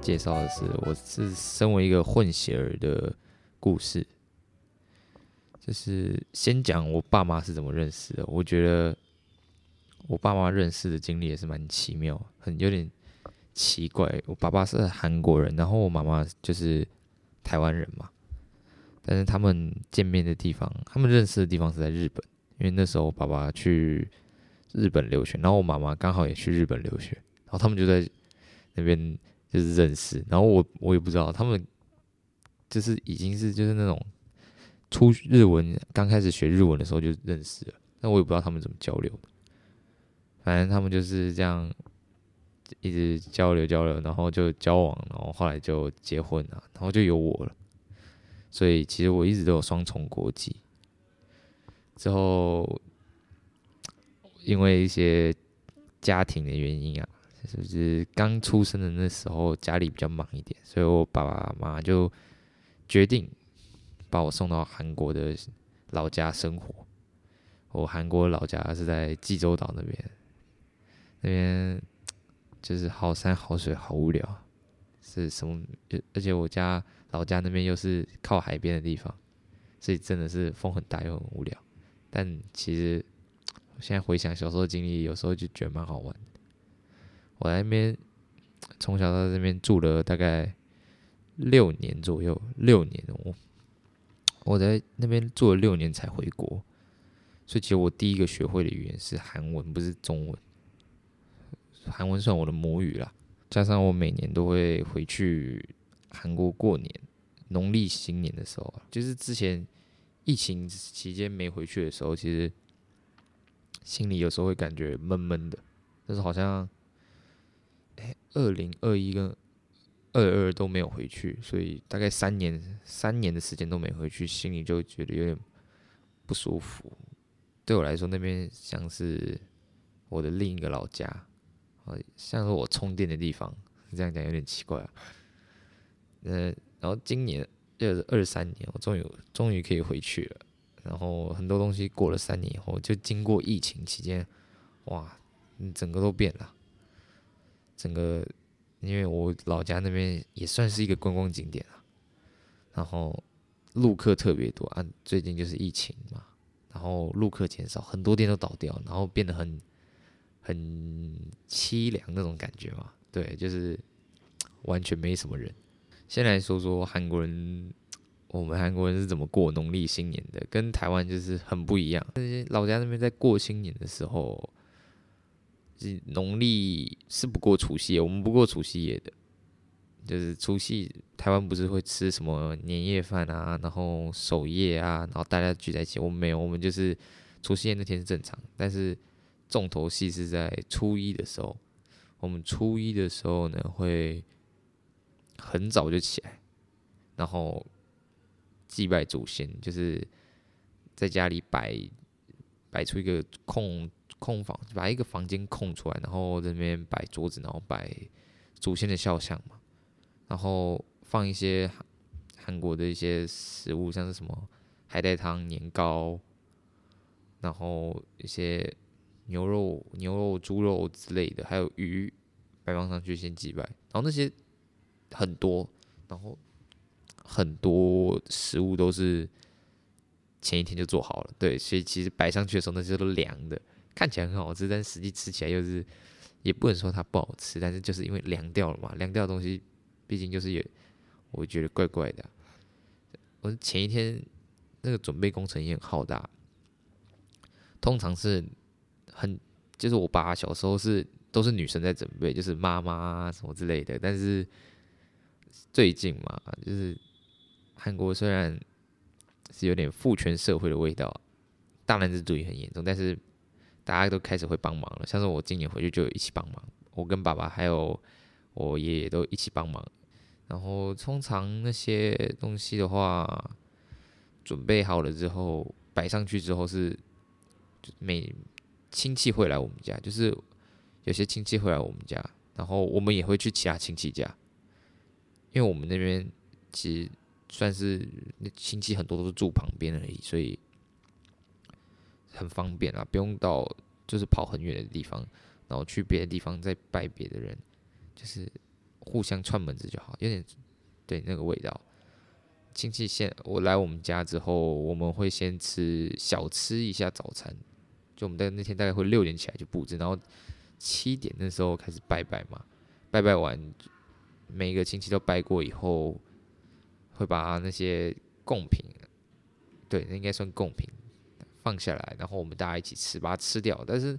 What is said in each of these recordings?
介紹的是，我是身為一個混血兒的故事。就是先講我爸媽是怎麼認識的。我覺得我爸媽認識的經歷也是蠻奇妙，很有點奇怪。我爸爸是韓國人，然後我媽媽就是台灣人嘛。但是他們見面的地方，他們認識的地方是在日本，因為那時候我爸爸去日本留學，然後我媽媽剛好也去日本留學，然後他們就在那邊。就是認識，然後我我也不知道他們，就是已經是就是那種，初日文剛開始學日文的時候就認識了，但我也不知道他們怎麼交流，反正他們就是這樣，一直交流交流，然後就交往，然後後來就結婚了，然後就有我了，所以其實我一直都有雙重國籍。之後因為一些家庭的原因啊。就是,是剛出生的那時候，家裡比較忙一點，所以我爸爸媽媽就決定把我送到韓國的老家生活。我韓國老家是在濟州島那邊，那邊就是好山好水，好無聊。是什麼？而且我家老家那邊又是靠海邊的地方，所以真的是風很大又很無聊。但其實我現在回想小時候經歷，有時候就覺得蠻好玩。我在那邊從小到在那邊住了大概六年左右，六年我我在那邊住了六年才回國，所以其實我第一個學會的語言是韓文，不是中文。韓文算我的母語啦，加上我每年都會回去韓國過年，農曆新年的時候，就是之前疫情期間沒回去的時候，其實心裡有時候會感覺悶悶的，但是就是好像。二零二一跟二二都沒有回去，所以大概三年三年的時間都沒回去，心裡就覺得有點不舒服。對我來說，那邊像是我的另一個老家，啊，像是我充電的地方。這樣講有點奇怪啊。嗯，然後今年，就是二三年，我終於終於可以回去了。然後很多東西過了三年以後，就經過疫情期間，哇，整個都變了。整個，因為我老家那邊也算是一個觀光景點啊，然後陸客特別多啊。最近就是疫情嘛，然後陸客減少，很多店都倒掉，然後變得很很淒涼那種感覺嘛。對，就是完全沒什麼人。先來說說韓國人，我們韓國人是怎麼過農曆新年的，跟台灣就是很不一樣。但是老家那邊在過新年的時候。是農曆是不過除夕夜，我們不過除夕夜的，就是除夕，台灣不是會吃什麼年夜飯啊，然後守夜啊，然後大家聚在一起，我們沒有，我們就是除夕夜那天是正常，但是重頭戲是在初一的時候。我們初一的時候呢會很早就起來，然後祭拜祖先，就是在家裡擺擺出一個空。空房把一個房間空出來，然後這邊擺桌子，然後擺祖先的肖像嘛，然後放一些韓、韓國的一些食物，像是什麼海帶湯、年糕，然後一些牛肉、牛肉、豬肉之類的，還有魚擺放上去先祭拜，然後那些很多，然後很多食物都是前一天就做好了，對，所以其實擺上去的時候那些都涼的。看起來很好吃，但實際吃起來又、就是也不能說它不好吃，但是就是因為涼掉了嘛，涼掉的東西，畢竟就是有，我覺得怪怪的、啊。我前一天那個準備工程也很浩大，通常是很，就是我爸小時候是都是女生在準備，就是媽媽啊什麼之類的。但是最近嘛，就是韓國雖然是有點父權社會的味道，大男子主義很嚴重，但是。大家都開始會幫忙了，像是我今年回去就一起幫忙，我跟爸爸還有我爺爺都一起幫忙。然後通常那些東西的話，準備好了之後擺上去之後是每親戚會來我們家，就是有些親戚會來我們家，然後我們也會去其他親戚家，因為我們那邊其實算是親戚很多都是住旁邊的而已，所以。很方便啊，不用到就是跑很遠的地方，然後去別的地方再拜別的人，就是互相串門子就好，有點對那個味道。親戚先我來我們家之後，我們會先吃小吃一下早餐，就我們在那天大概會六點起來就佈置，然後七點那時候開始拜拜嘛，拜拜完每一個親戚都拜過以後，會把那些貢品，對，那應該算貢品。放下來，然後我們大家一起吃吧，把它吃掉。但是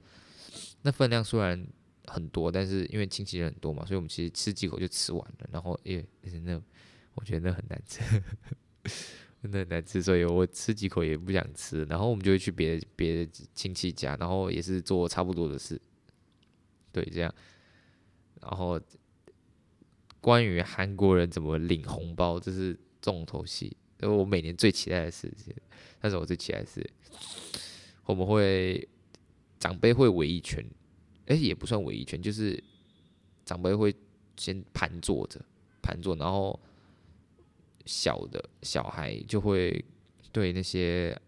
那分量雖然很多，但是因為親戚人很多嘛，所以我們其實吃幾口就吃完了。然後也、欸，那我覺得那很難吃， 那很難吃，所以我吃幾口也不想吃。然後我們就會去別的別的親戚家，然後也是做差不多的事，對，這樣。然後關於韓國人怎麼領紅包，這是重頭戲。因為我每年最期待的事情，但是我最期待的是，我們會長輩會圍一圈，誒、欸，也不算圍一圈，就是長輩會先盤坐着，盤坐，然後小的小孩就會對那些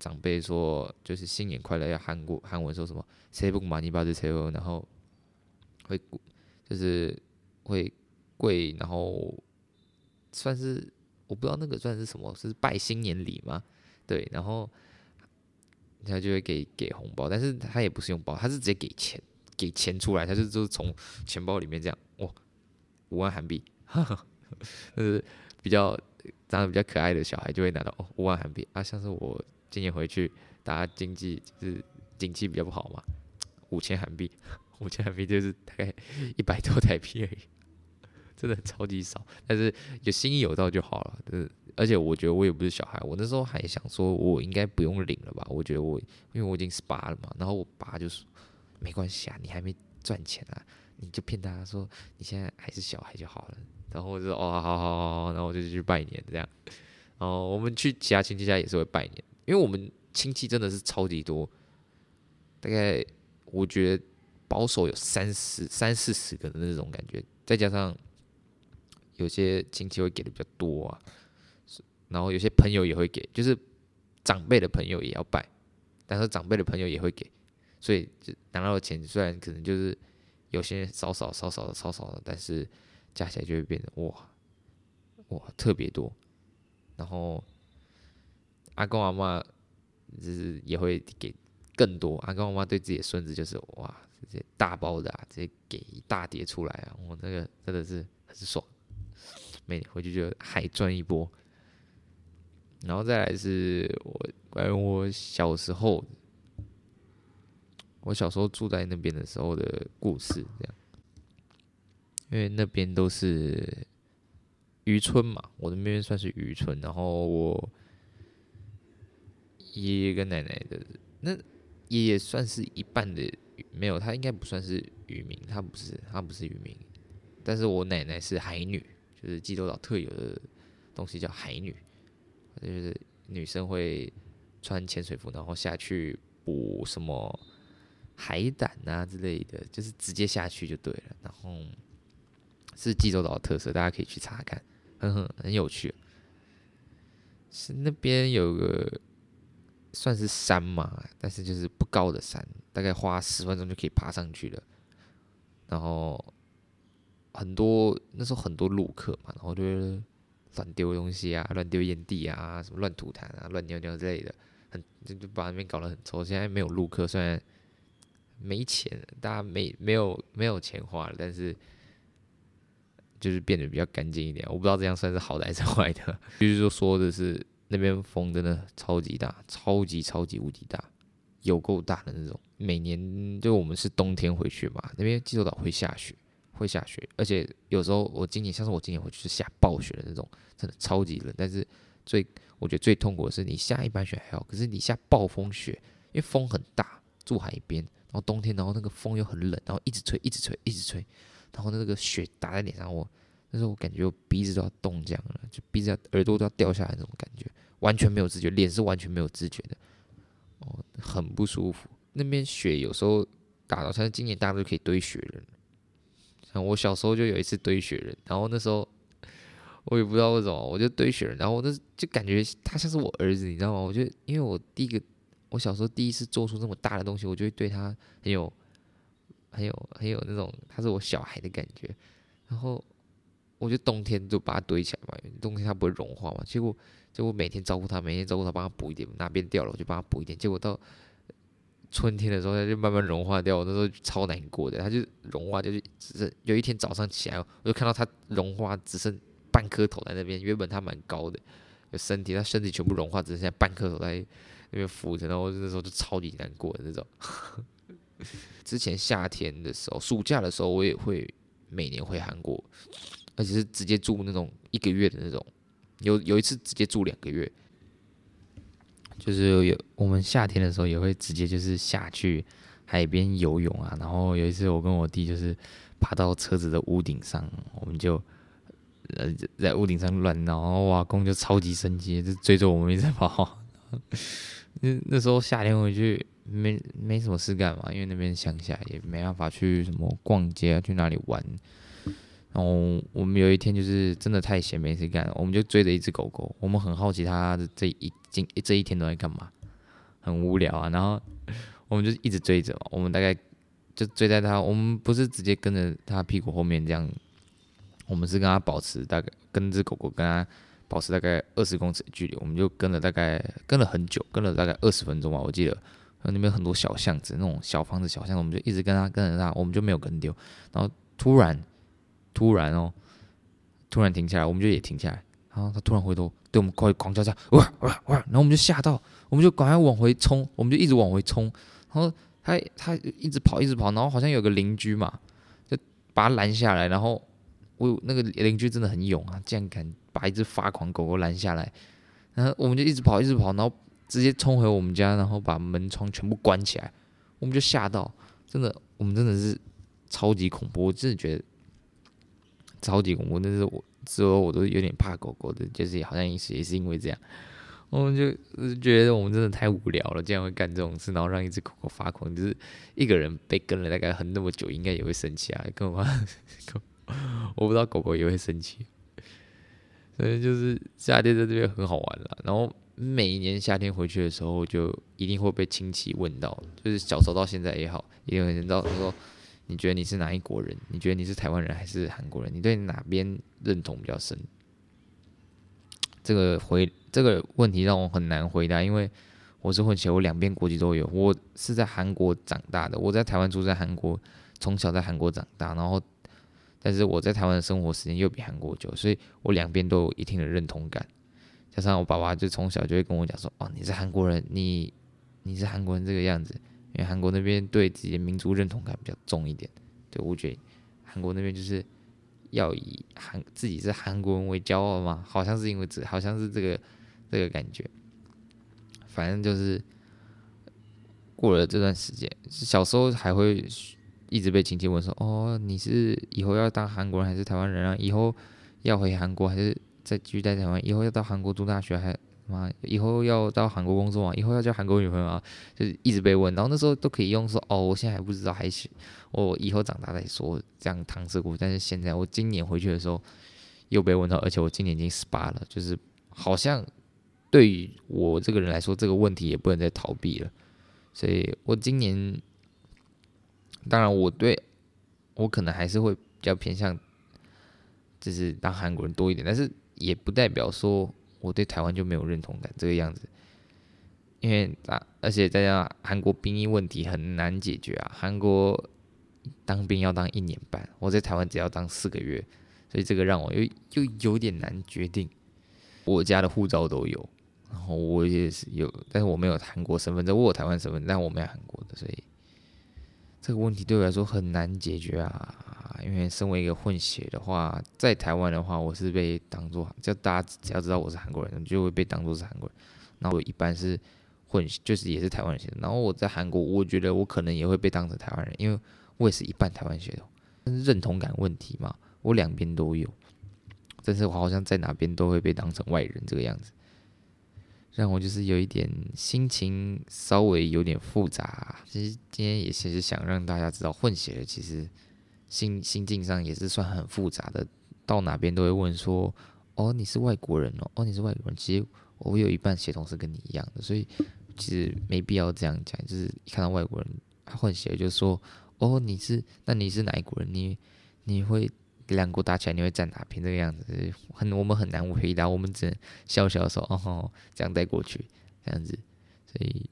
長輩說，就是新年快樂，要韓國韓文，說什麼，誰不買你把這誰，然後會就是會跪，然後算是。我不知道那個算是什麼，是拜新年禮嗎？對，然後他就會給給紅包，但是他也不是用包，他是直接給錢，給錢出來，他就就是從錢包裡面這樣，哇，五萬韓幣，哈哈，就是比較長得比較可愛的小孩就會拿到哦，五萬韓幣啊，像是我今年回去，大家經濟就是經濟比較不好嘛，五千韓幣，五千韓幣就是大概一百多台幣而已。真的超級少，但是有心意有到就好了，就是。而且我覺得我也不是小孩，我那時候還想說，我應該不用領了吧？我覺得我因為我已經十八了嘛。然後我爸就說：“沒關係啊，你還沒賺錢啊，你就騙他說你現在還是小孩就好了。”然後我就哦，好好好好，然後我就去拜年這樣。然後我們去其他親戚家也是會拜年，因為我們親戚真的是超級多，大概我覺得保守有三十三四十個的那種感覺，再加上。有些親戚會給的比較多啊，然後有些朋友也會給，就是長輩的朋友也要拜，但是長輩的朋友也會給，所以拿到的錢雖然可能就是有些少少少少的少少的，但是加起來就會變得哇哇特別多。然後阿公阿嬤就是也會給更多，阿公阿嬤對自己的孫子就是哇這些大包的啊，直接給一大疊出來啊，我那個真的是很爽。每回去就海賺一波，然後再來是我關於我小時候，我小時候住在那邊的時候的故事，因為那邊都是漁村嘛，我的那邊算是漁村，然後我爺爺跟奶奶的那爺爺算是一半的，沒有，他應該不算是漁民，他不是，他不是漁民，但是我奶奶是海女。就是濟州島特有的東西，叫海女，就是女生會穿潛水服，然後下去捕什麼海膽啊之類的，就是直接下去就對了。然後是濟州島特色，大家可以去查看，很很很有趣。是那邊有個算是山嘛，但是就是不高的山，大概花十分鐘就可以爬上去了。然後。很多那時候很多陸客嘛，然後就是亂丟東西啊，亂丟煙蒂啊，什麼亂吐痰啊，亂尿尿之類的，很就就把那邊搞得很臭。現在沒有陸客，雖然沒錢，大家沒沒有沒有錢花了，但是就是變得比較乾淨一點。我不知道這樣算是好的還是壞的。就是說說的是那邊風真的超級大，超級超級無敵大，有夠大的那種。每年就我們是冬天回去嘛，那邊濟州島會下雪。會下雪，而且有時候我今年，像是我今年回去是下暴雪的那種，真的超級冷。但是最我覺得最痛苦的是，你下一般雪還好，可是你下暴風雪，因為風很大，住海邊，然後冬天，然後那個風又很冷，然後一直吹，一直吹，一直吹，然後那個雪打在臉上，我那時候我感覺我鼻子都要凍僵了，就鼻子、耳朵都要掉下來那種感覺，完全沒有知覺，臉是完全沒有知覺的，哦，很不舒服。那邊雪有時候打到，像今年大家就可以堆雪人。我小時候就有一次堆雪人，然後那時候我也不知道為什麼，我就堆雪人，然後我那就感覺他像是我兒子，你知道嗎？我就因為我第一個，我小時候第一次做出這麼大的東西，我就會對他很有很有很有那種他是我小孩的感覺。然後我就冬天就把它堆起來嘛，冬天它不會融化嘛。結果結果每天照顧他，每天照顧他，幫他補一點，哪邊掉了，我就幫他補一點。結果到春天的時候，它就慢慢融化掉。那時候超難過的，它就融化，就是有一天早上起來，我就看到它融化，只剩半顆頭在那邊。原本它蠻高的，有身體，它身體全部融化，只剩下半顆頭在那邊浮着。然後那時候就超級難過的那種。 之前夏天的時候，暑假的時候，我也會每年回韓國，而且是直接住那種一個月的那種，有有一次直接住兩個月。就是有我們夏天的時候也會直接就是下去海邊游泳啊，然後有一次我跟我弟就是爬到車子的屋頂上，我們就呃在屋頂上亂鬧，然後阿公就超級生氣，就追着我們一直跑。那 那時候夏天回去沒沒什麼事幹嘛，因為那邊鄉下也沒辦法去什麼逛街啊，去哪裡玩。然後我們有一天就是真的太閒沒事幹，我們就追着一只狗狗，我們很好奇它的這一今這一天都在幹嘛，很無聊啊。然後我們就一直追着嘛，我們大概就追在它，我們不是直接跟着它屁股後面這樣，我們是跟它保持大概跟這隻狗狗跟它保持大概二十公尺的距離，我們就跟了大概跟了很久，跟了大概二十分鐘吧。我記得那邊很多小巷子那種小房子小巷子，我們就一直跟它跟着它，我們就沒有跟丟。然後突然。突然哦，突然停下來，我們就也停下來。然後他突然回頭，對我們狂狂叫叫叫，哇哇哇！然後我們就嚇到，我們就趕快往回衝，我們就一直往回衝。然後他他一直跑，一直跑，然後好像有個鄰居嘛，就把他攔下來。然後我那個鄰居真的很勇啊，竟然敢把一只發狂狗狗攔下來。然後我們就一直跑，一直跑，然後直接衝回我們家，然後把門窗全部關起來。我們就嚇到，真的，我們真的是超級恐怖，我真的覺得。超級恐怖，但是我之後我都有點怕狗狗的，就是好像也是也是因為這樣，我們就覺得我們真的太無聊了，竟然會幹這種事，然後讓一隻狗狗發狂，就是一個人被跟了大概很那麼久，應該也會生氣啊，更何況 我不知道狗狗也會生氣，所以就是夏天在這邊很好玩了。然後每一年夏天回去的時候，就一定會被親戚問到，就是小時候到現在也好，一定會聽到說。你覺得你是哪一國人？你覺得你是台灣人還是韓國人？你對哪邊認同比較深？這個回這個問題讓我很難回答，因為我是混血，我兩邊國籍都有。我是在韓國長大的，我在台灣住在韓國，從小在韓國長大，然後，但是我在台灣的生活時間又比韓國久，所以我兩邊都有一定的認同感。加上我爸爸就從小就會跟我講說：“哦，你是韓國人，你你是韓國人這個樣子。”因為韓國那邊對自己的民族認同感比較重一點。對，我覺得韓國那邊就是要以韓自己是韓國人為驕傲嘛，好像是因為這，好像是這個這個感覺。反正就是過了這段時間，是小時候還會一直被親戚問說：“哦，你是以後要當韓國人還是臺灣人啊？以後要回韓國還是再繼續待在臺灣？以後要到韓國讀大學還？”媽，以後要到韓國工作嘛？以後要交韓國女朋友啊？就是一直被問，然後那時候都可以用說哦，我現在還不知道，還是我以後長大再說，這樣搪塞過。但是現在我今年回去的時候又被問到，而且我今年已經十八了，就是好像對於我這個人來說，這個問題也不能再逃避了。所以我今年，當然我對我可能還是會比較偏向，就是當韓國人多一點，但是也不代表說，我對台灣就沒有認同感這個樣子，因為啊，而且再加上韓國兵役問題很難解決啊。韓國當兵要當一年半，我在台灣只要當四個月，所以這個讓我又又有，有點難決定。我家的護照都有，然後我也是有，但是我沒有韓國身份證，我有台灣身份證，但我沒有韓國的，所以這個問題對我來說很難解決啊。啊，因為身為一個混血的話，在台灣的話，我是被當做，就大家只要知道我是韓國人，就會被當做是韓國人。那我一般是混血，就是也是台灣人血。然後我在韓國，我覺得我可能也會被當成台灣人，因為我也是一半台灣血統，但是認同感問題嘛，我兩邊都有，但是我好像在哪邊都會被當成外人這個樣子，讓我就是有一點心情稍微有點複雜。其實今天也其實想讓大家知道，混血的其實。心心境上也是算很複雜的，到哪邊都會問說，哦，你是外國人哦，哦，你是外國人。其實我有一半血統是跟你一樣的，所以其實沒必要這樣講。就是一看到外國人混血，就說，哦，你是，那你是哪一國人？你你會兩國打起來，你會站哪邊？這個樣子很，我們很難回答，啊，我們只能笑笑說，哦，這樣帶過去，這樣子。所以，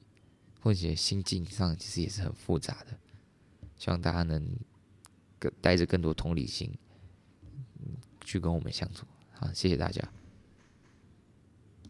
混血心境上其實也是很複雜的，希望大家能。帶着更多同理心去跟我們相處，好，謝謝大家。